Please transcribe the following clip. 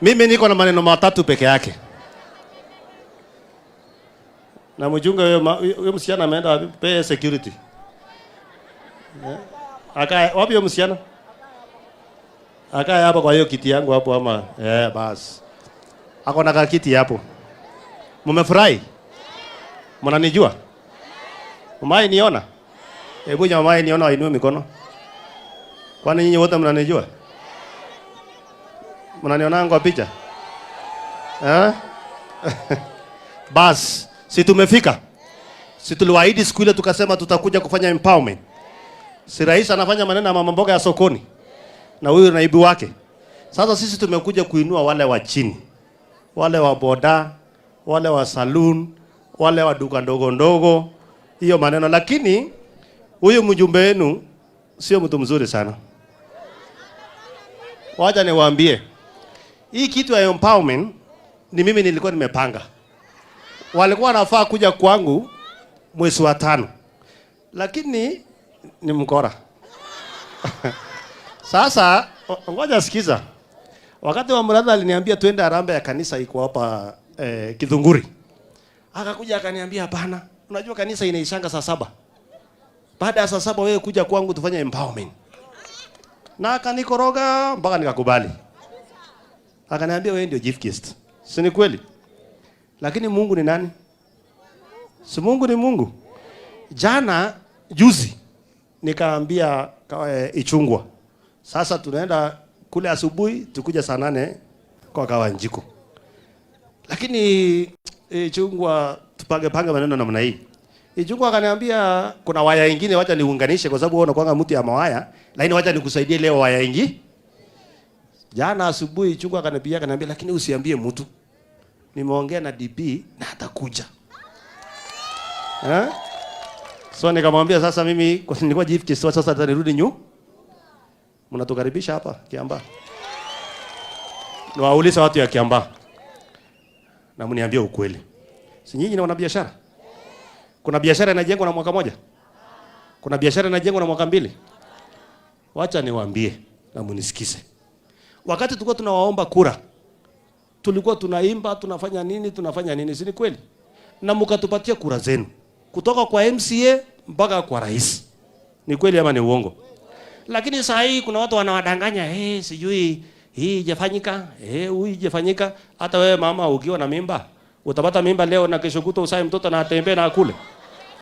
Mimi niko na maneno matatu peke yake. Na mjunga huyo msichana ameenda wapi? Pay security. Eh? Aka wapi huyo msichana? Aka hapa kwa hiyo kiti yangu hapo ama eh, yeah, bas. Ako na kiti hapo. Mumefurahi? Mnanijua? Mmai niona? Hebu jamaa niona wainue mikono. Kwani nyinyi wote mnanijua? Mnanionanga kwa picha eh? Bas, si tumefika? Si tuliwaahidi siku ile tukasema tutakuja kufanya empowerment. Si rais anafanya maneno ya mama mboga ya sokoni na huyu naibu wake. Sasa sisi tumekuja kuinua wale wa chini, wale wa boda, wale wa saloon, wale wa duka ndogo ndogo, hiyo maneno. Lakini huyu mjumbe wenu sio mtu mzuri sana, wacha niwaambie. Hii kitu ya empowerment ni mimi nilikuwa nimepanga. Walikuwa nafaa kuja kwangu mwezi wa tano, lakini ni mkora Sasa ngoja sikiza, wakati wa mradha aliniambia twende harambee ya kanisa iko hapa eh, Kidhunguri. Akakuja akaniambia hapana, unajua kanisa inaishanga saa saba. Baada ya saa saba wewe kuja kwangu tufanye empowerment, na akanikoroga mpaka nikakubali. Akaniambia wewe ndio gift guest. Si ni kweli? Lakini Mungu ni nani? Si Mungu ni Mungu. Jana juzi nikaambia e, Ichungwa. Sasa tunaenda kule asubuhi tukuja saa nane kwa Kawanjiko. Lakini eh, Ichungwa tupange pange maneno namna hii. Ichungwa akaniambia kuna waya nyingine wacha niunganishe kwa sababu wewe unakuanga mtu ya mawaya, lakini wacha nikusaidie leo waya nyingine Jana asubuhi chungu akanipigia akaniambia, lakini usiambie mtu. Nimeongea na DB na atakuja. Eh? So nikamwambia sasa mimi kwa nilikuwa jifti so sasa atanirudi nyu. Mnatukaribisha hapa Kiambaa. Niwaulize watu ya Kiamba. Na mniambie ukweli. Si nyinyi ni wanabiashara? Kuna biashara inajengwa na mwaka moja? Kuna biashara inajengwa na mwaka mbili? Wacha niwaambie na mnisikize. Wakati tulikuwa tunawaomba kura, tulikuwa tunaimba, tunafanya nini, tunafanya nini, si kweli? Na mkatupatia kura zenu kutoka kwa MCA mpaka kwa rais. Ni kweli ama ni uongo? Lakini saa hii kuna watu wanawadanganya, eh, hey, sijui hii ijafanyika eh, hey, huyu ijafanyika. Hata wewe mama ukiwa na mimba, utapata mimba leo na kesho kuto usai mtoto na atembee na akule.